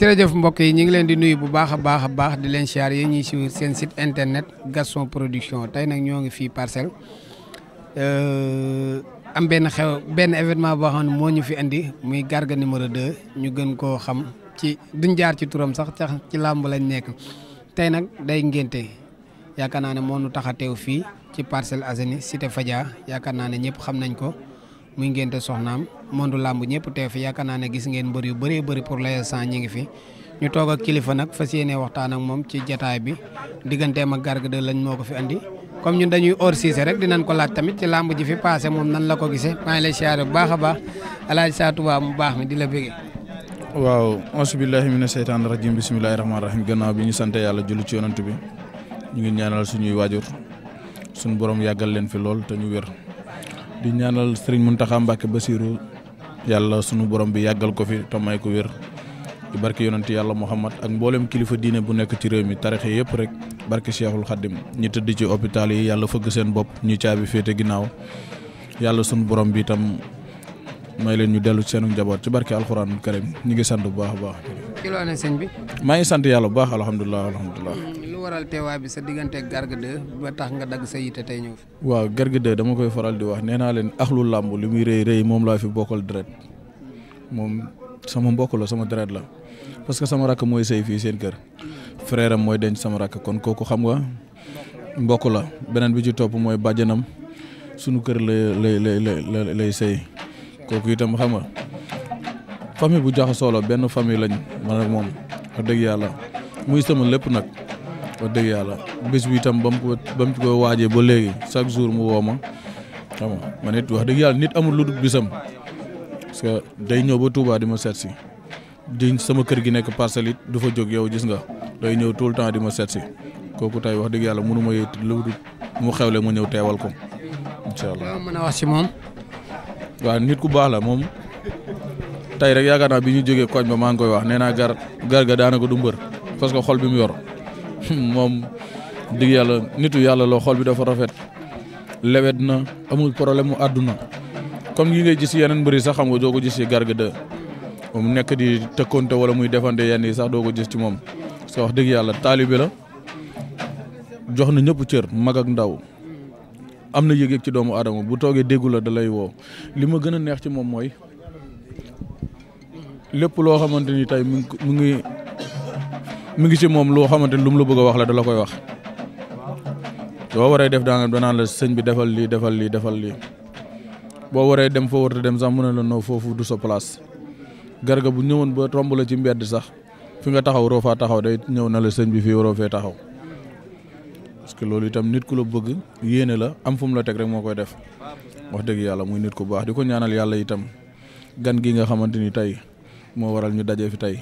jërëjëf mbokk yi ñu ngi leen di nuyu bu baax a baax a baax di leen siyaar yi ñuy seen site internet Gaston Production tey nag ñoo ngi fii parcelle euh, am benn xew benn événement boo xam ne moo ñu fi indi muy Garga numéro 2 ñu gën koo xam ci duñ jaar ci turam sax sax ci làmb lañ nekk tey nag day ngénte yaakaar naa ne moo nu tax a teew fii ci Parcelles Assainies site Fadia yaakaar naa ne ñëpp xam nañ ko. muy ngénte soxnaam mondu làmb ñëpp teew fi yaakaar naa ne gis ngeen mbër yu bëree bëri pour l'instant ñi ngi fi ñu toog ak kilifa nag fas yéene waxtaan ak moom ci jataay bi digganteem ak Garga de lañ moo ko fi indi comme ñun dañuy hors Cissé rek dinañ ko laaj tamit ci làmb ji fi passé moom nan la ko gise maa ngi lay siyaare bu baax a baax alaaj saa Tuubaa mu baax mi di la bëggee. waaw asubillahi mina seytaani rajim bisimilahi rahmaani rahim gannaaw bi ñu sant yàlla julli ci yonant ñu ngi ñaanal suñuy waajur suñu borom yàggal leen fi lool te ñu wér di ñaanal sëriñ Mountakha Mbacké Bassirou yàlla sunu borom bi yàggal ko fi te may ko wér di barke yonent yàlla Muhammad ak mboolem kilifa diine bu nekk ci réew mi tarixe yëpp rek barke Cheikhul Khadim ñi tëdd ci hôpital yi yàlla fëgg seen bopp ñu caabi féete ginnaaw yàlla sunu borom bi itam may leen ñu dellu ci seenu njaboot ci barki alxuraanul karim ñu ngi sant bu baax a baax. maa ngi sant yàlla bu baax alhamdulilah alhamdulilah. waral teewaay bi sa diggante Garga 2 ba tax nga dagg sa tey ñëw fi. waaw Garga dama koy faral di wax nee naa leen axlu làmb lu muy rëy rey moom laa fi bokkal deret moom sama mbokk la sama deret la parce que sama rakk mooy sëy fii seen kër frère mooy denc sama rakk kon kooku xam nga mbokk la beneen bi ci topp mooy bàjjanam sunu kër la lay lay sëy kooku itam xam nga bu jaxasoo la benn famille lañ man ak moom wax dëgg yàlla muy sama lépp nag. wax dëgg yàlla bés bi itam ba mu ko ba mu ko waajee ba léegi chaque jour mu woo ma xam nga ma nit wax dëgg yàlla nit amul lu dul bisam parce day ñëw ba tuubaa di ma seet si di sama kër gi nekk parcelle it du fa jóg yow gis nga day ñëw tout le temps di ma setsi si kooku tey wax dëgg yàlla mënu ma yëg lu dul mu xewle mu ñëw teewal ko incha allah. mën a waaw nit ku baax la moom tey rek yaakaar naa bi ñu jógee koñ ba maa ngi koy wax nee naa gar gar ga daanaka du mbër parce que xol bi mu yor. moom digg yàlla nitu yàlla loo xol bi dafa rafet lewet na amul problème mu àdduna comme yi ngay gis yeneen mbëri sax xam nga doo ko gis ci garga de mu nekk di tëkkonte wala muy defante yenn yi sax doo ko gis ci moom parce wax dëgg yàlla taalibe la jox na ñëpp cër mag ak ndaw am na yëg-yëg ci doomu aadama bu toogee déggu la da lay woo li ma gën a neex ci moom mooy lépp loo xamante ni tey mu ngi mi ngi si moom loo xamante ni lu mu la bëgg a wax la da koy wax boo waree def daanaka danaan la sëñ bi defal lii defal lii defal lii boo waree dem foo warta dem sax mu ne la noo foofu du sa place garga bu ñëwoon ba tomb la ci mbedd sax fi nga taxaw roofaa faa taxaw day ñëw na la sëñ bi fii waroo fee taxaw parce que loolu itam nit ku la bëgg yéene la am fu mu la teg rek moo koy def wax dëgg yàlla muy nit ku baax di ko ñaanal yàlla itam gan gi nga xamante ni tey moo waral ñu daje fi tey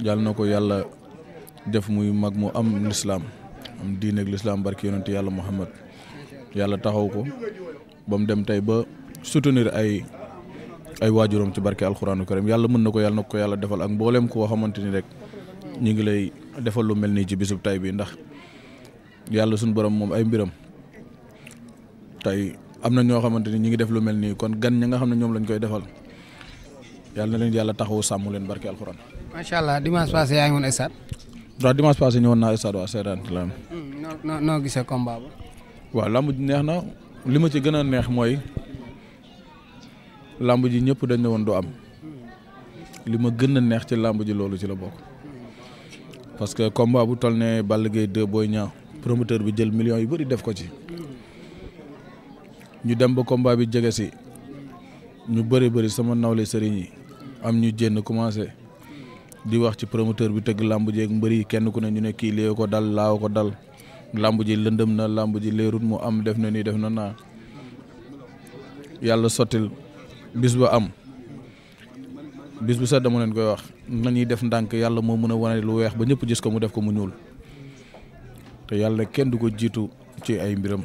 yàlla na ko yàlla def muy mag mu am lislaam am diine ak lislaam barki yonent yàlla Muhammad yàlla taxaw ko ba mu dem tey ba soutenir ay ay waajuram ci barke alxuraanu karim yàlla mën na ko yàlla na ko yàlla defal ak mbooleem koo xamante ni rek ñu ngi lay defal lu mel nii ci bisub tey bii ndax yàlla suñu borom moom ay mbiram tey am na ñoo xamante ni ñu ngi def lu mel nii kon gan ñi nga xam ne ñoom lañ koy defal yàlla na leen yàlla taxawu sàmm leen barke alxuraan. ndax dimanche passé ñëwoon naa stade waa seetaan ci lamb. Hmm, noo noo gisee combat ba. waaw lamb ji neex na li ma ci gën a neex mooy làmb ji ñëpp dañ ne woon du am li ma gën a neex ci làmb ji loolu ci la bokk parce que combat bu toll ne Balla Gaye 2 Boy Niang promoteur bi jël millions yu bëri def ko ci ñu dem ba combat bi jege si ñu bëri bëri sama nawle sëriñ yi am ñu jénn commencé. di wax ci promoteur bi tëgg làmb ji ak mbëri kenn ku ne ñu ne kii léew ko dal laaw ko dal làmb ji lëndëm na làmb ji leerut mu am def na nii def na naa yàlla sottil bis ba am bis bu sax dama leen koy wax nañuy def ndànk yàlla moo mën a wane lu weex ba ñëpp gis ko mu def ko mu ñuul te yàlla kenn du ko jiitu ci ay mbiram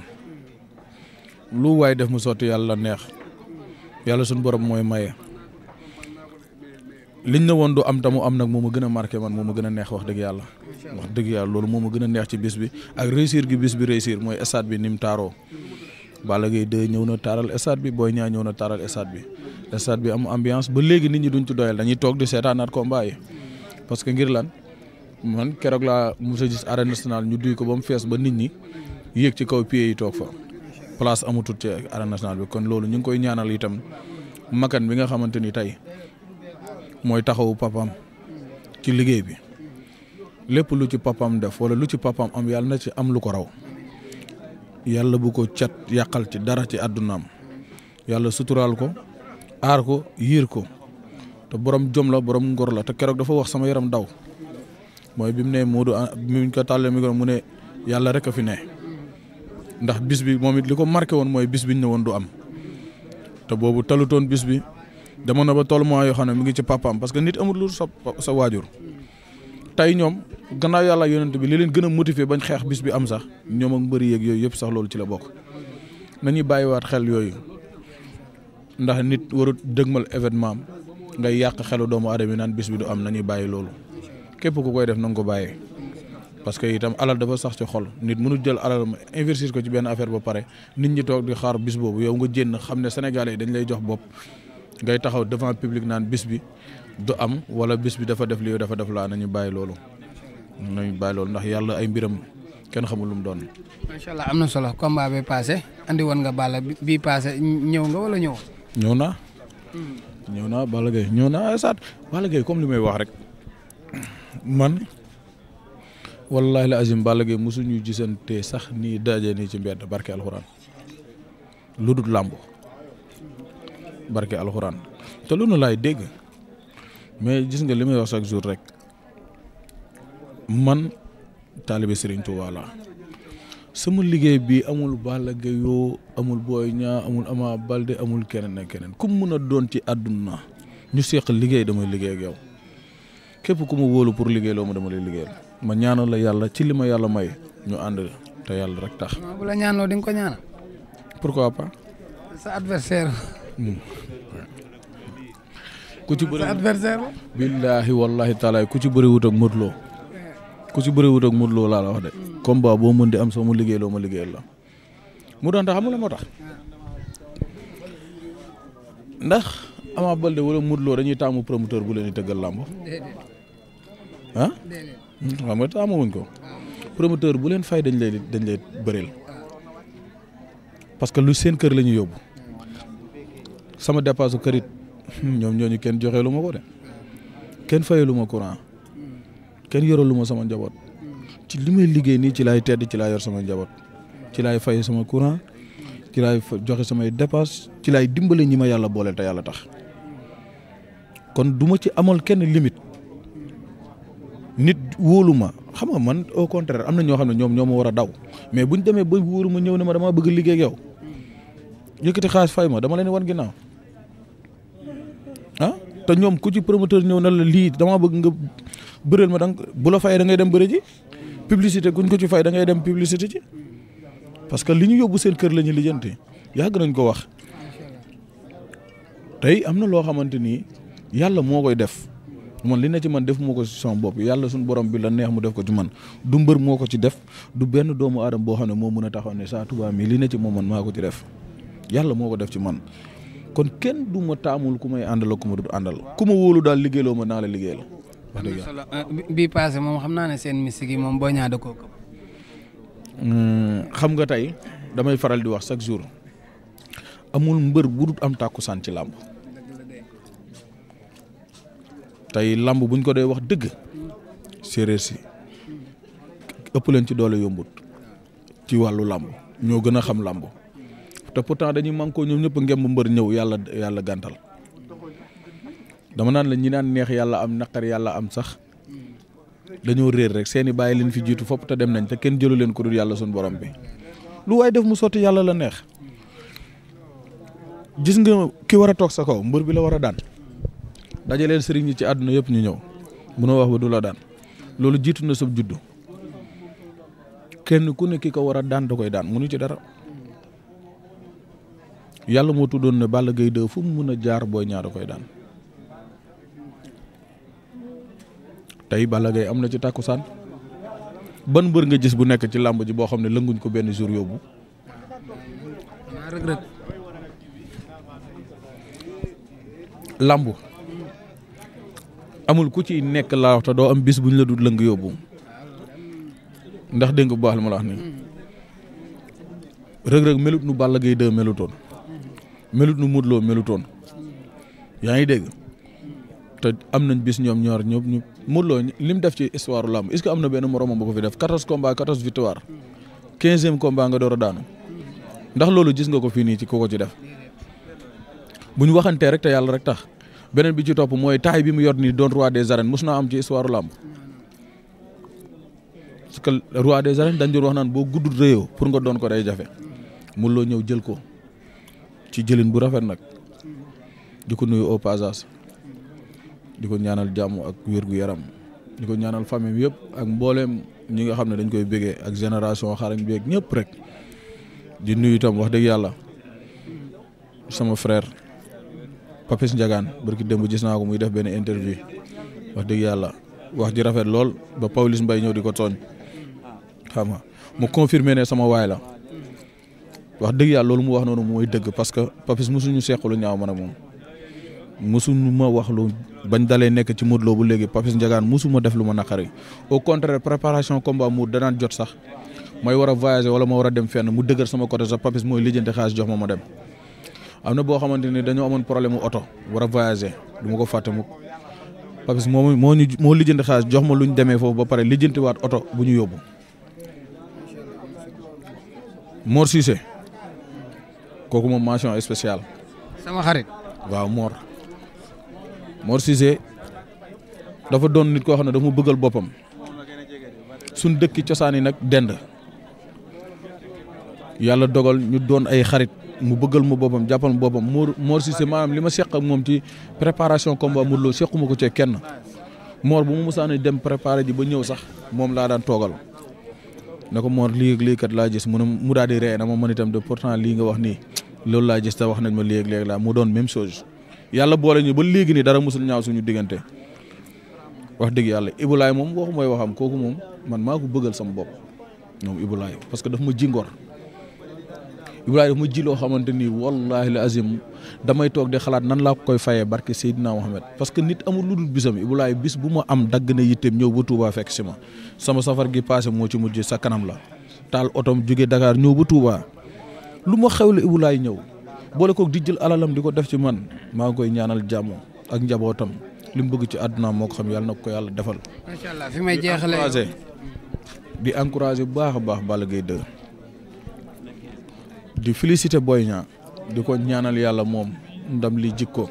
lu waay def mu sotti yàlla neex yàlla sunu borom mooy maye. liñ na woon du am tamu am nag moo ma gën a marqué man moo gën a neex wax dëgg yàlla wax dëgg yàlla loolu moo ma gën a neex ci bis bi ak réussir gi bis bi réussir mooy stade bi ni mu taaroo Balla Gaye 2 ñëw na taaral stade bi booy ñaa ñëw na taaral stade bi stade bi am ambiance ba léegi nit ñi duñ ci doyal dañuy toog di seetaanaat ko yi parce que ngir lan man keroog laa mos a gis ñu duy ko ba mu fees ba nit ñi yéeg ci kaw pieds yi toog fa place amatul ci arène bi kon loolu ñu ngi koy ñaanal itam makan bi nga xamante ni tey mooy taxawu papam ci liggéey bi lépp lu ci papam def wala lu ci papam am yàlla na ci am lu ko raw yàlla bu ko cat yàqal ci dara ci àddunaam yàlla suturaal ko aar ko yiir ko te borom jom la borom ngor la te keroog dafa wax sama yaram daw mooy bi mu ne Modou mi ah, ko tàllee micro mu ne yàlla rek a fi ne ndax bis bi moom it li ko marqué woon mooy bis bi ñu ne woon du am te boobu talutoon bis bi. demoon na ba tolluwaay yoo xam ne mu ngi ci papaam parce que nit amul lu sa sa waajur tey ñoom gannaaw yàlla yonent bi li leen gën a motiver bañ xeex bis bi am sax ñoom ak mbëri yeeg yooyu yëpp sax loolu ci la bokk nañuy waat xel yooyu ndax nit warut dëgmal événement ngay yàq xelu doomu aadama yi naan bis bi du am nañuy bàyyi loolu képp ku koy def na nga ko bàyyee. parce que itam alal dafa sax ci xol nit mënul jël alal ma investir ko ci benn affaire ba pare nit ñi di xaar bis boobu yow nga jénn xam ne sénégalais dañ lay jox bopp ngay taxaw devant public naan bis bi du am wala bis bi dafa def lii dafa def laa nañu bàyyi loolu nañu ndax yàlla ay mbiram kenn xamul lu mu doon. macha allah am na solo combat bi passé andi woon nga Balla bii paase ñëw nga wala ñëw. ñëw naa. Hmm. ñëw naa Balla ñëw naa saat Balla Gaye comme li may wax rek man wallahi la asime azim Balla Gaye mosuñu gisante sax ni daje ni ci mbedd barke alxuraan lu dul làmb barke alxuraan te loolu laay dégg mais gis nga li may wax chaque jour rek man taalibe Serigne Touba sama liggéey bi amul Balla Gaye yoo amul booy ñaar amul Ama Baldé amul keneen ak keneen ku mu mën a doon ci àdduna ñu seq liggéey damay liggéey ak yow képp ku ma wóolu pour liggéey loo ma dama lay liggéeyal ma ñaanal la yàlla ci li ma yàlla may ñu ànd te yàlla rek tax. bu ko ñaanal. sa adversaire. moom. ku ci bëri adversaire la. ku ci bëri wut ak Modou ku ci bëri wut ak Modou laa la wax de. combat boo mën di am soo mu liggéey loo ma liggéeyal la mu doon tax xam moo tax. ndax Ama Baldé wala Modou Lo dañuy taamu promoteur bu leen di tëggal làmb ah hmm, xam taamu wuñ ko promoteur bu leen fay dañ lay dañ lay bëril parce que lu seen kër la yóbbu. sama dépasse kër hmm, ñoom ñooñu kenn joxe lu ma ko de kenn faye ma courant kenn yore ma sama njaboot ci li may liggéey nii ci laay tedd ci laay yor sama njaboot ci laay faye sama courant ci laay joxe samay dépasse ci laay dimbale ñi ma yàlla boole te yàlla tax kon duma ma ci amal kenn limite nit wóolu ma xam nga man au contraire am na ñoo xam ne ñoom ñoo ma war a daw mais buñ deme ba wóolu ma ñëw ne ma damaa bëgg liggéey ak yow yëkkati xaalis fay ma dama leen wan ginnaaw. ah te ñoom ku ci promoteur ñëw na la lii damaa bëgg nga bëreel ma da nga bu la fayee da ngay dem bëri ji publicité kuñ ko ci fay da ngay dem publicité ci parce que li ñu yóbbu seen kër la ñu lijjanti yàgg nañ ko wax tey am na loo xamante ni yàlla moo koy def man li ne ci man def moo ko ci sama bopp yàlla suñu borom bi la neex mu def ko ci man du mbër moo ko ci def du benn doomu aadama boo xam ne moo mën a taxoon ne Sa Touba mii li ne ci moom man maa ko ci def yàlla moo ko def ci man. kon kenn du ma taamul ku may àndal ku ma dul àndal ku ma wóolu daal liggéeyloo ma naa la liggéeyal. wax bii passé moom xam naa ne seen mystique yi moom boo ñaada ko xam nga tey damay faral di wax chaque jour amul mbër bu dul am tàkkusaan ci làmb tey làmb buñ ko dee wax dëgg séeréer si ëpp leen ci doole yombut ci wàllu làmb ñoo gën a xam làmb te pourtant dañuy mànkoo ñoom ñëpp ngemb mbër ñëw yàlla yàlla gàntal dama naan la ñi naan neex yàlla am naqar yàlla am sax dañoo réer rek seeni bàyyi leen fi jiitu fopp te dem nañ te kenn jëlu leen ko dul yàlla suñu borom bi lu waay def mu sotti yàlla la neex gis nga ki war a toog sa kaw mbër bi la war a daan dajaleen sëriñ ñi ci àdduna yëpp ñu ñëw munoo wax ba du la daan loolu jiitu na sab juddu kenn ku ne ki ko war a daan da koy daan munu ci dara yàlla moo tuddoon ne Balla gay 2 fu mu mën a jaar booy Niang koy daan tey Balla Gaye am na ci tàkkusaan ban mbër nga gis bu nekk ci làmb ji boo xam ne lënguñ ko benn jour yóbbu. làmb amul ku ciy nekk laa te doo am bis bu ñu la dul lëng yóbbu ndax dégg bu baax li ma la wax nii. rëg-rëg melut nu Balla gay 2 melutoon. melut nu Modou loo melutoon yaa ngi dégg te am nañ bis ñoom ñaar ñoom ñu Modou Lo li mu def ci histoire làmb est que am na benn moromam bu ko fi def 14 combats 14 victoire 15e nga door a daanu ndax loolu gis nga ko fii nii ci ko ci def bu ñu waxantee rek te yàlla rek tax beneen bi ci topp mooy taay bi mu yor nii doon roi des arènes mos naa am ci histoire làmb parce que roi des arènes dañ doon wax naan boo gudd réew pour nga doon ko day jafe Modou Lo ñëw jël ko. ci jëlin bu rafet nag di ko nuyu au passage di ko ñaanal jàmm ak wér-gu-yaram di ko ñaanal famille yëpp ak mbooleem ñi nga xam ne dañ koy béggee ak génération xarañ beeg ñëpp rek di nuyu itam wax dëgg yàlla sama frère Papis Ndiagane barki démb gis naa ko muy def benn interview wax dëgg yàlla wax ji rafet lool ba Pawlish mbay ñëw di ko tooñ xam nga mu confirmé ne sama waay la. wax dëgg yàlla loolu mu wax noonu mooy dëgg parce que Papis mosuñu seq lu ñaaw man ak moom mosuñu ma wax lu bañ dalee nekk ci Modou Lo bu léegi Papis Ndiagane mosuma def lu ma naqari au contraire préparation combat mu danaan jot sax may war a voyager wala ma war a dem fenn mu dëgër sama côté sax Papis mooy lijjanti xaalis jox ma ma dem. am na boo xamante ni dañoo amoon problème oto war a voyager du ma ko fàtte mu Papis moo ñu moo lijjanti xaalis jox ma lu ñu demee foofu ba pare lijjantiwaat oto bu ñu yóbbu Mor kooku moom mention spéciale. sama xarit. waaw moor Mor Cissé dafa doon nit koo xam ne dafa bëggal boppam suñ dëkki cosaan yi nag dend yàlla dogal ñu doon ay xarit mu bëggal ma boppam jàppal ma boppam Mor Mor Cissé maanaam li ma seq moom ci préparation combat Modou Lo sequma ko ci kenn moor bu mu musaane dem préparé ji ba ñëw sax moom laa daan toogal. na ko Mor lii ak lii kat laa gis mu ne mu daal di ree na ma man itam de portant lii nga wax nii loolu laa gis te wax nañ ma léeg-léeg laa mu doon même chose yàlla boole ñu ba léegi nii dara musul ñaaw suñu diggante wax dëgg yàlla Ibulaay moom waxu mooy waxam kooku moom man maa ko bëggal sama bopp moom Ibulaay parce que daf ma ji ngor Ibulaay ji loo xamante ni wallaahi la azim damay toog di xalaat nan laa ko koy fayee barke Seydina Mohamed parce que nit amul lu dul bisam Ibulaay bis bu ma am dagg na yitteem ñëw ba Touba fekk si ma sama safar gi passé moo ci mujj sa kanam la taal otom jóge Dakar ñëw bu Touba. lu ma xewle Ibou Laye ñëw boole kook di jël alalam di ko def ci man maa ngi koy ñaanal jàmm ak njabootam li mu bëgg ci àdduna moo ko xam yàlla na ko yàlla defal. macha allah fi may jeexalee di encouragé bu baax a baax Balla Gaye 2 di félicité Boy di ko ñaanal yàlla moom ndam li jikko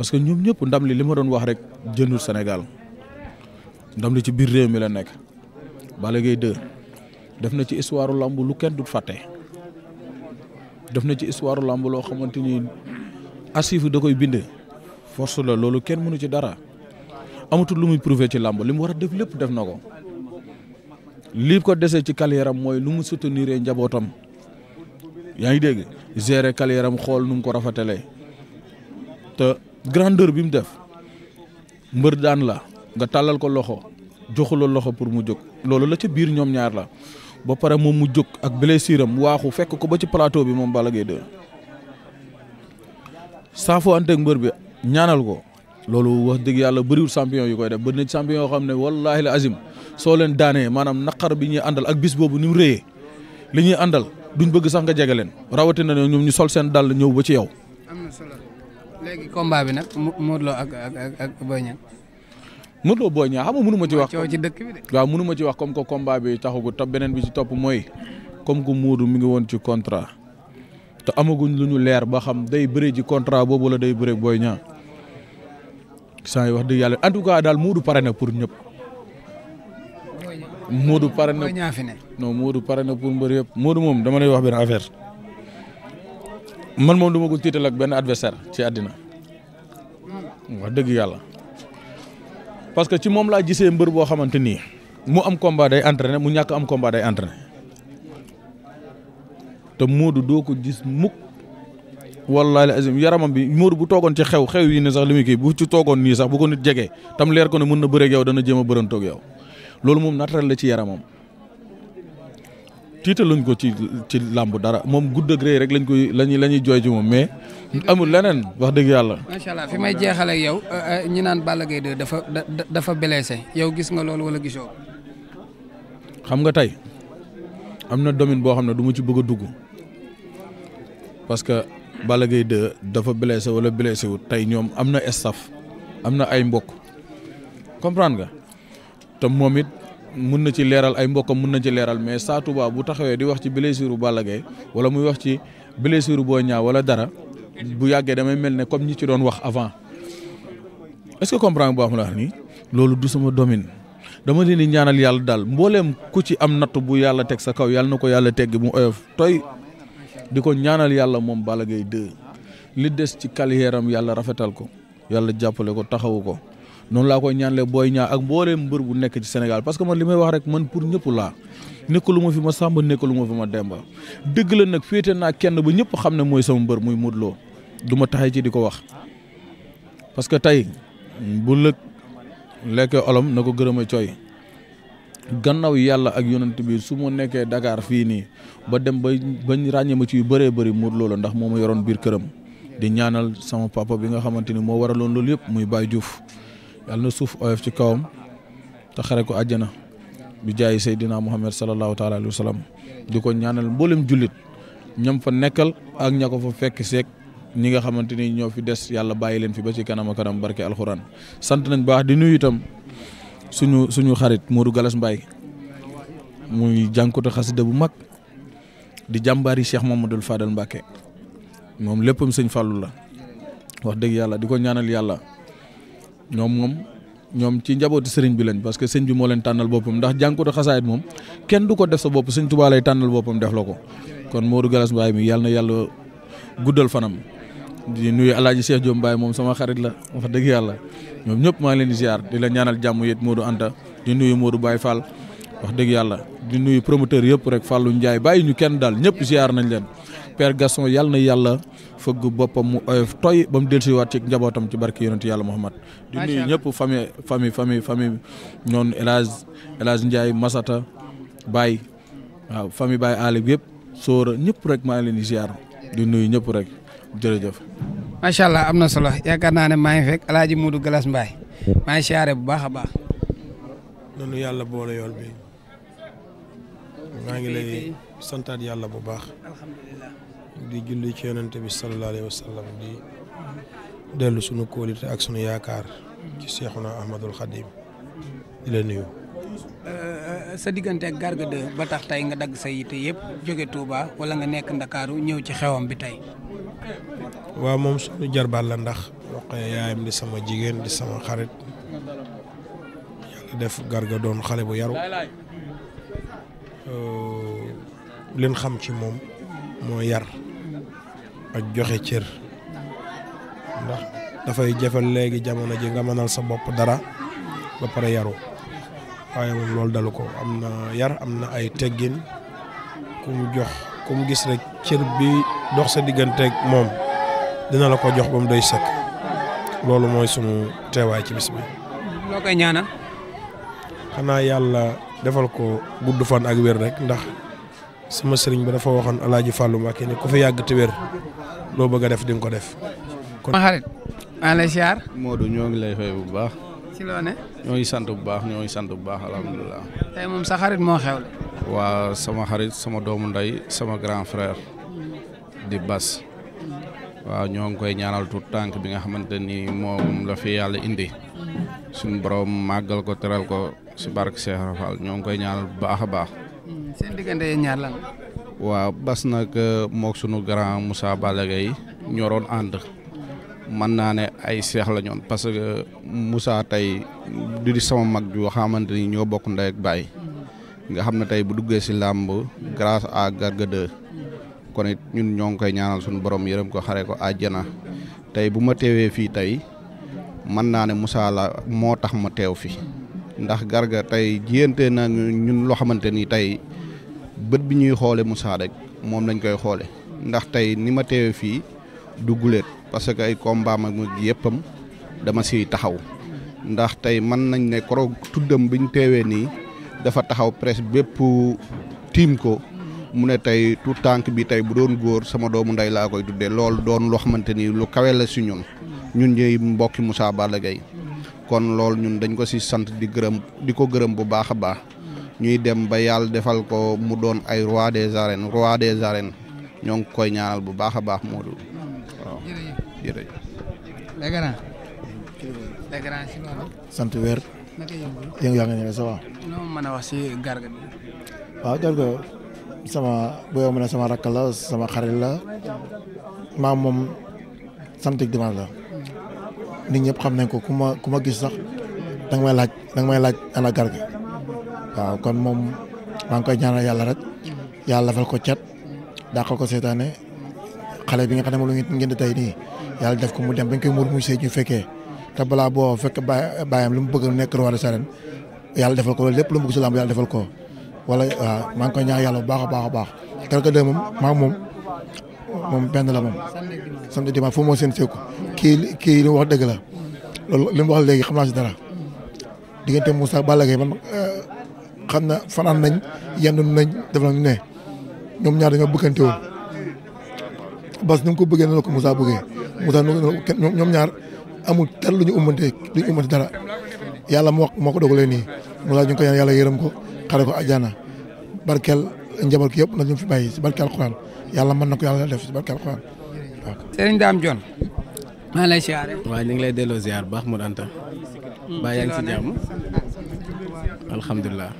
parce que ñoom ñëpp ndam li li ma doon wax rek jëndul Sénégal ndam li ci biir réew mi la nekk Balla Gaye 2 def na ci histoire lamb lu kenn du fàtte. def na ci histoire làmb loo xamante ni asif da koy bind force la loolu kenn mënu ci dara amatul lu muy prouver ci làmb li mu war a def lépp def na ko li ko desee ci carrière mooy lu mu soutenir njabootam yaa ngi dégg gérer carrière am xool nu mu ko rafetalee te grandeur bi mu def mbër daan la nga tàllal ko loxo joxu loxo pour mu jóg loolu la ca biir ñoom ñaar la ba pare moom mu jóg ak blessure am waaxu fekk ko ba ci plateau bi moom bala Gaye 2 saafo anteeg mbër bi ñaanal ko loolu wax dëgg yàlla bëriwul champion yu koy def bëri na champion yoo xam ne wallaahi la azim soo leen daanee maanaam naqar bi ñuy àndal ak bis boobu ni mu rëyee li ñuy àndal duñ bëgg sax nga jege leen rawatina ne ñoom ñu sol seen dàll ñëw ba ci yow. am na bi nag ak ak Modou Lo Boy Niang xam ci wax. ci dëkk bi de. ci wax comme que combat bi taxagu topp beneen bi ci topp mooy comme que Modou mi ngi woon ci contrat te amaguñ lu ñu leer ba xam day bëri ci contrat boobu wala day bëri Boy Niang saa wax dëgg yàlla en tout cas daal Modou pare na pour ñëpp. Modou pare na non Modou pare na pour mbër yëpp moom dama lay wax benn affaire man moom du ma tiital ak benn adversaire ci àddina wax dëgg yàlla. parce que ci moom laa gisee mbër boo xamante nii mu am combat day entraîné mu ñàkk am combat day entraîné te Modou doo ko gis mukk wallaahi azim yaramam bi Modou bu toogoon ci xew xew yi ne sax li muy kii bu ci toogoon nii sax bu ko nit jegee tam leer ko ne na bëreeg yow dana jéem a bërantoog yow loolu moom naturel la ci yaramam. tiitaluñ ko ci ci làmb dara moom good degré rek lañ koy lañuy la ñuy jooy ci moom mais amul leneen wax dëgg yàlla. macha allah fi may jeexale ak yow euh, euh, ñi naan Balla Gaye 2 dafa dafa blessé yow gis nga loolu wala gisoo. xam nga tey am na domaine boo xam ne duma ci bëgg a dugg parce que Balla Gaye 2 dafa blessé wala blessé wu tey ñoom am na staff am na ay mbokk comprendre nga te moom it mun na ci leeral ay mbokkam mun na ci leeral mais Sa Touba bu taxawee di wax ci blessure Balla Gaye wala muy wax ci blessure boo Niang wala dara bu yàggee damay mel ne comme ñi ci doon wax avant est-ce que comprendre bu baax ma wax nii loolu du sama domaine dama leen ni ñaanal yàlla daal mbooleem ku ci am natt bu yàlla teg sa kaw yàlla na ko yàlla tegg mu oyof toy di ko ñaanal yàlla moom Balla Gaye 2 li des ci carrière yàlla rafetal ko yàlla jàppale ko taxawu ko noonu laa koy ñaanle booy ñaa ak mbooleem mbër bu nekk ci Sénégal parce que man li may wax rek man pour ñëpp laa nekkalu ma fi ma sàmba nekkalu ma fi ma demba dëgg la nag féete naa kenn ba ñëpp xam ne mooy sama mbër muy Modou du ma taxee ci di ko wax que tey bu lëg lekkee olom na ko gërëm a cooy gannaaw yàlla ak yonent bi su ma nekkee Dakar fii nii ba dem ba bañ ràññee ma ci yu baree bari Modou Lo la ndax moo ma yoroon biir këram di ñaanal sama papa bi nga xamante ni moo waraloon loolu yëpp muy Baye Diouf yàlla na suuf oyof ci kawam te xare ko àjjana bi jaayi Seydina Muhammad sallallahu taala alayhi wa sallam di ko ñaanal mboolem jullit ñam fa nekkal ak ña ko fa fekk seeg ñi nga xamante ni ñoo fi des yàlla bàyyi leen fi ba ci kanam a kanam barke alxuraan sant nañu baax di nuy itam suñu suñu xarit Modou Galas Mbaye muy jànkutu bu mag di jàmbaari Cheikh Mamadou Fadal Mbacke moom léppam sëñ Fallou la wax dëgg yàlla di ko ñaanal yàlla. ñoom moom ñoom ci njabootu sëriñ bi lañ parce que sëñ bi moo leen tànnal boppam ndax jànkuwut xasaayit moom kenn du ko def sa bopp sëñ Tuubaa tànnal boppam def la ko kon Modou Galas Mbaye mi yàlla na yàlla guddal fanam di nuyu alaaji Cheikh Diop Mbaye moom sama xarit la wax dëgg yàlla ñoom ñëpp maa ngi leen di ziar di la ñaanal jàmm moo Modou Anta di nuyu Modou baay Fall wax dëgg yàlla di nuyu promoteur yëpp rek Fallou Ndiaye bàyyi ñu kenn daal ñëpp ziar nañ leen Père Gaston yàlla na yàlla fëgg boppam mu oyof toy ba mu dellusiwaat ci njabootam ci barki yonent yàlla Muhammad di nuyu ñëpp famille famille famille famille ñoon El Hadj El Hadj Masata Baye waaw fami Baye Ali bi yëpp sóora ñëpp rek maa ngi leen di ziar di nuyu ñëpp rek jërëjëf. macha allah am na solo yaakaar naa ne maa ngi fekk El Hadj Modou Galas Mbaye maa bu baax a baax. noonu yàlla boole yool bi. maa ngi lay santaat yàlla bu baax. di julli ci yonent bi sallallahu alayhi di dellu sunu kóolite ak sunu yaakaar. ci na Ahmadul Xadim di la nuyu. Euh, euh, sa diggante ak Garga 2 ba tax tey nga dagg sa yite yëpp joge Touba wala nga nekk Ndakaaru ñëw ci xewam bi tey. waaw moom sunu jarbaat la ndax. wax yaayam di sama jigéen di sama xarit. yàlla def Garga doon xale bu yaru. Euh, leen xam ci moom moo yar ak joxe cër ndax dafay jafel léegi jamono ji nga mënal sa bopp dara ba pare yaru waaye loolu dalu ko am na yar am na ay teggin ku jox ku gis rek cër bi dox sa digganteeg moom dina la ko jox ba mu doy sëkk loolu mooy sunu teewaay ci bis bi. xanaa yàlla. defal ko gudd fan ak wér rek ndax sama sëriñ ba dafa waxoon alaaji Fallou Mbacké ni ko fi yàgg te wér loo bëgg a def di ko def. kon ma xarit maa lay ñoo ngi lay fay bu baax. ci loo ne. ñoo ngi sant bu baax ñoo ngi sant bu baax alhamdulilah. tey moom sa xarit moo xew la. waa sama xarit sama doomu ndey sama grand frère. di Bas. waaw ñoo ngi koy ñaanal tuut tànk bi nga xamante ni moom la fi yàlla indi. suñu borom màggal ko teral ko. si barke Cheikh Rafal ñoo ngi koy ñaanal bu baax a baax. Hmm, seen diggante ñaar waaw bas nag euh, moog sunu grand Moussa Balla Gaye ñoroon ànd. mën naa ne ay seex la ñoon parce que Moussa tey du di sama mag ju xamante ni ñoo bokk ndey ak baay hmm. nga xam ne tey bu duggee si làmb grâce à Garga 2 hmm. kon it ñun ñoo ngi koy ñaanal suñu borom yërëm ko xare ko àjjana tey bu ma teewee fii tey mën naa ne Moussa la moo tax ma teew fi ndax garga tey jiyante na ñun loo xamante nii tey bët bi ñuy xoole Moussa rek moom lañ koy xoole ndax tey ni ma teewe fii du guléet parce que ay combat ma yëppam dama siy taxaw ndax tey man nañ ne koro tuddam biñ teewee nii dafa taxaw presse bépp tiim ko mu ne tey tout tànk bi tey bu doon góor sama doomu ndey laa koy tuddee loolu doon loo xamante ni lu kawe la si ñun ñun ñëy mbokki Moussa Balla Gaye kon loolu ñun dañ ko si sant di gërëm di ko gërëm bu baax a baax ñuy dem ba yàlla defal ko mu doon ay roi des arènes roi des arènes ñoo ngi koy ñaanal bu baax a baax Modou waaw jërëjëf sant weer yéen yaa ngi ñëwee ça va. noo mën a wax si Garga bi. waaw Garga sama bu yow ma ne sama rakk la sama xarit la maa moom sant ak dimanche la. nit ñëpp xam nañ ko ku ma ku ma gis sax danga may laaj danga may laaj ana Garga waaw kon moom maa ngi koy ñaanal yàlla rek yàlla defal ko cat dàqal ko seetaane xale bi nga xam ne moom ngeen di tey nii yàlla def ko mu dem bañ koy muur mu sëy fekkee te balaa boo fekk bàyyam lu mu bëgg nekk roi des arènes yàlla defal ko lépp lu mu si làmb yàlla defal ko wala waaw maa ngi koy ñaan yàlla bu baax a baax a baax Garga de moom maa moom moom benn la moom samedi dimanche fu moo seen seeku kii kii li wax dëgg la loolu li mu wax léegi xam naa si dara diggante Moussa euh, na fanaan nañ yendu nañ def nañ ne ñoom ñaar dañoo bëggante woon bas ni mu ko bëggee noonu la ko Moussa bëggee Moussa ñoom ñaar amul tar lu ñu umante lu ñu umante dara yàlla moo moo ko dogalee nii Moussa ñu ko ñaan yàlla yërëm ko xare ko àjjana barkeel njaboot yëpp na ñu fi bàyyi si barkeel Alxuraan yàlla mën na ko yàlla def si barkeel Alxuraan waaw. Serigne Dame Dione maa lay siyaare. waaw ñu ngi lay delloo ziar bu baax mu Anta. baa yaa ngi si jàmm. alhamdulilah.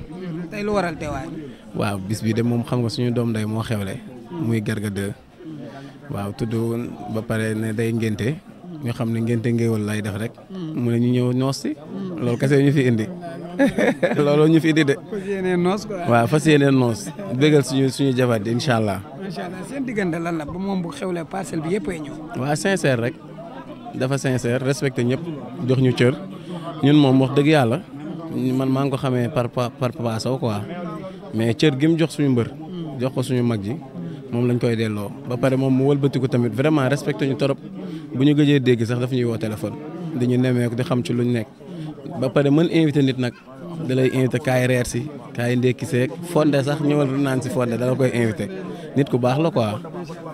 tey lu waral teewaay. waaw bis bii de moom xam nga suñu doom day moo xewle. muy Garga 2. waaw tudd ba pare ne day ngénte. ñu xam ne ngénte ngéewal lay def rek. Mm. mu ne ñu ñëw noos si. Mm. loolu kese ñu fi indi. looloo ñu fi indi de. fas yéeneen noos quoi. waaw fas yéeneen noos. bégal suñu suñu jabar di incha allah. seen diggante lan la ba moom bu xewlee parcelle bi yëpp ay ñëw. waaw sincère rek. dafa sincère respecté ñëpp jox ñu cër ñun moom wax dëgg yàlla man maa ngi ko xamee par par Papa Sow quoi mais cër gi mu jox suñu mbër jox ko suñu mag ji moom lañ koy delloo ba pare moom mu ko tamit vraiment respecté ñu torop bu ñu gëjee dégg sax dafa ñuy woo téléphone di ñu nemmeeku di xam ci luñ nekk ba pare mën invité nit nag da lay invité kaay reer si kaay ndékki seeg fonde sax ñëwal du naan si fonde dala koy invité nit ku baax la quoi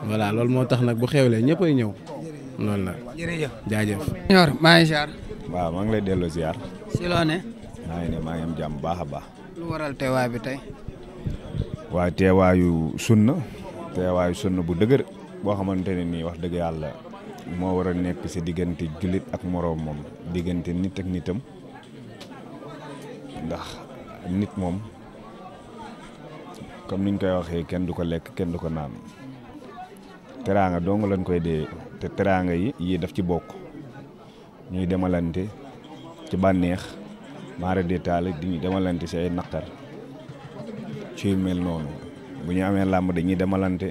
voilà loolu moo tax nag bu xewlee ñëpp ay ñëw. loolu la jërëjëf jaajëf. ñor maa ngi ziar. waaw maa ngi lay delloo ziar. si loo ne. maa ngi ne maa ngi am jàmm baax a baax. lu waral teewaay bi tey. waaye teewaayu sunna teewaayu sunna bu dëgër boo xamante ne nii wax dëgg yàlla moo war a nekk si diggante jullit ak moroom moom diggante nit ak nitam ndax nit moom comme niñ koy waxee kenn du ko lekk kenn du ko naan teraanga dong lañ koy dee. te teraanga yi yii def ci bokk ñuy demalante ci bànneex maara détaale di ñu demalante si ay naqar ci mel noonu bu ñu amee làmb dañuy demalante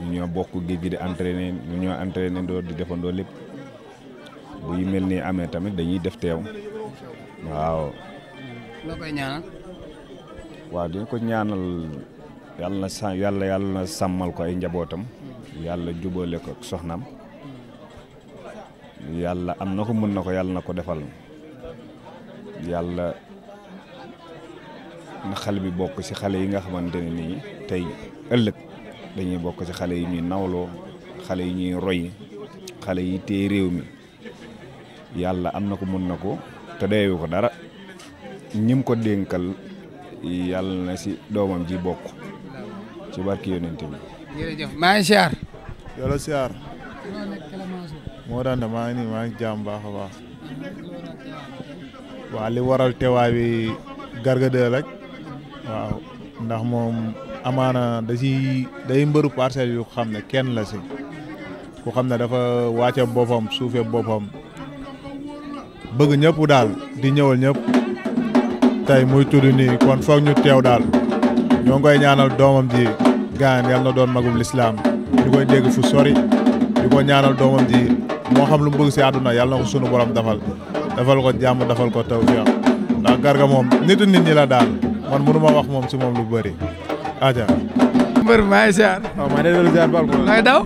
ñu ñoo bokk géej gi di entraîner ñu ñoo entraîner doo di defandoo lépp bu yu mel nii amee tamit dañuy def teew waaw. loo ko ñaanal yàlla na sa yàlla yàlla na sàmmal ko ay njabootam. yàlla jubale ko ak yàlla am na ko mën na ko yàlla na ko defal yàlla na xale bi bokk ci xale yi nga xamante ne nii tey ëllëg dañuy bokk ci xale yi ñuy nawloo xale yi ñuy roy xale yi téye réew mi yàlla am na ko mën na ko te deewu ko dara ñim ko dénkal yàlla na ci doomam ji bokk ci barki yonent bi jërëjëf maa ngi siyaar. yow siyaar. moo daan maa ngi maa ngi jàmm baax a baax. li waral teewaay bi Garga rek. waaw ndax moom amaana da ciy day mbëru parcelle yu xam ne kenn la si. ku xam ne dafa wàcce boppam suufe boppam. bëgg ñëpp daal di ñëwal ñëpp. tey muy tudd nii kon foog ñu teew daal. ñoo koy ñaanal doomam ji. gaañam yàlla na doon magum lislaam di koy dégg fu sori di ko ñaanal doomam ji moo xam lu mu bëgg si àdduna yàlla na ko sunu borom dafal dafal ko jàmm dafal ko tawfiq ndax Garga moom nitu nit ñi la daal man mënu ma wax moom si moom lu bëri aja mbër maa ngi ziar waaw daw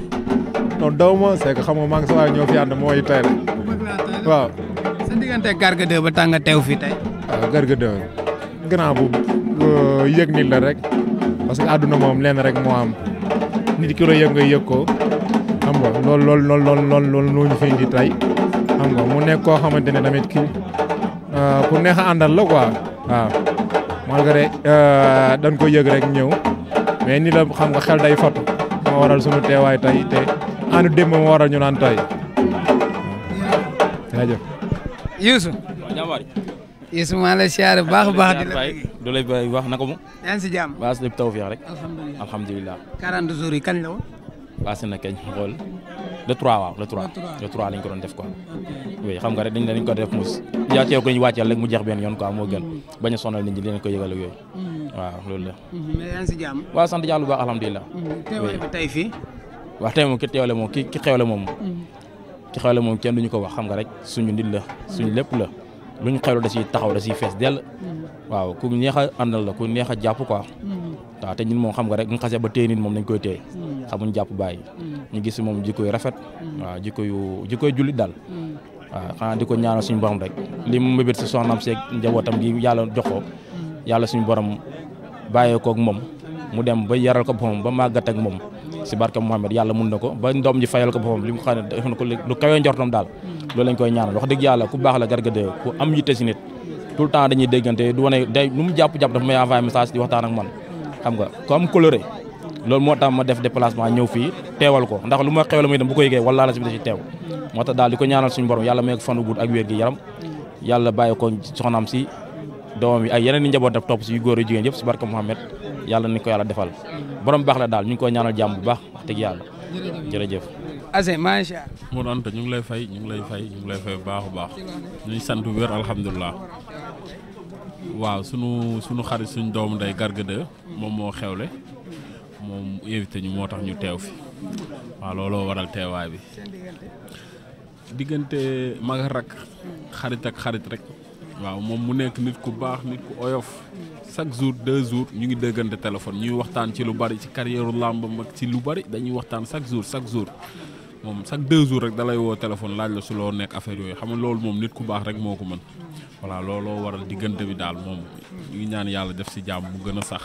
non daw ma c'est que xam nga maa ngi sa waay ñoo fi ànd moo yi tey la waaw sa diggante Garga 2 ba tàng fi tey waaw ah, Garga 2 grand bu euh, yëg nit rek parce que àdduna moom lenn rek moo am nit ki la yëg nga yëg ko xam nga loolu lool loolu loolu loolu loolu loo ñu fi indi tey xam nga mu nekk koo xamante ne tamit ki euh, ku neex a àndal la quoi waaw malgré euh, dañ ko yëg rek ñëw mais ni la xam nga xel day fatu moo waral sunu teewaay tey te ànd démb moo waral ñu naan tey jaajëf Youssou Youssou maa lay baax baax di la du lay bay na ko mu. yaa ngi si jàmm. baas lépp tawfeex rek. alhamdulilah alhamdulilah. 40 yi kañ la woon. passé na kañ xool le 3 waaw le 3. le 3 lañ ko doon def ko oui xam nga rek dañ dañ ko def mos. yaa teew ko ñu wàcceel rek mu jeex been yoon ko moo gën. Mm-hmm. bañ a sonal ko yëgal ak yooyu. Mm-hmm. waaw loolu la. Mm-hmm. mais yaa ngi si jàmm. waaw sant yàlla bu baax alhamdulilah. teewale bi tey fii. waaw tey moom ki teewale moom ki ki xewle moom. ki xewle moom kenn duñu ko wax xam nga rek suñu nit la suñu lépp la lu luñ xewlu da ciy taxaw da si fees dell waaw ku neex a àndal la ku neex a jàpp quoi waaw te ñun moom xam nga rek ñu xasee ba téye nit moom dañ koy téye xamuñ jàpp bàyyi ñu gis moom jikko yu rafet waaw jikko yu jikko jullit daal waaw xanaa di ko ñaanal suñu borom rek li mu mbébét si soxnaam seeg njabootam gi yàlla joxo ko yàlla suñu borom bàyyee koog moom mu dem ba yaral ko boppam ba màggat ak moom si barke Mouhamed yàlla mun na ko ba ndoom ji fayal ko boppam li mu xam ne def na ko lu kawee njortam daal loolu lañ ko ñaanal wax dëgg yàlla ku baax la Garga 2 ku am yitte si nit tout le temps dañuy déggante du wane day nu mu jàpp-jàpp dafa may envoyé message di waxtaan man xam nga ku am loolu moo tax ma def déplacement ñëw fii teewal ko ndax lu ma xew la muy bu ko yëgee wala la si bi da si teew moo tax daal di ko ñaanal suñu borom yàlla may ko fanu gudd ak wér gi yaram yàlla bàyyi ko soxnaam si doomam yi ak yeneen i njaboot daf si góor yu jigéen yëpp si barka Mouhamed yàlla ni ko yàlla defal borom baax la daal ñu ngi koy ñaanal jàmm bu baax wax dëgg yàlla jërëjëf Azé macha allah. Modou Anta ñu ngi lay fay ñu ngi lay fay ñu ngi lay fay bu baax a baax ñu ngi sant wér alhamdulilah. waaw sunu sunu xarit suñu doom day Garga moom moo xewle moom invité ñu moo tax ñu teew fi waaw looloo waral teewaay bi diggante mag rak xarit ak xarit rek. waaw moom mu nekk nit ku baax nit ku oyof chaque jour deux jours ñu ngi déggante téléphone ñuy waxtaan ci lu bari ci carrière làmbam ak ci lu bari dañuy waxtaan chaque jour chaque jour. moom chaque deux jours rek dalay woo téléphone laaj la su loo nekk affaire yooyu xam nga loolu moom nit ku baax rek moo ko mën voilà looloo waral diggante bi daal moom ñu ñaan yàlla def si jàmm mu gën a sax.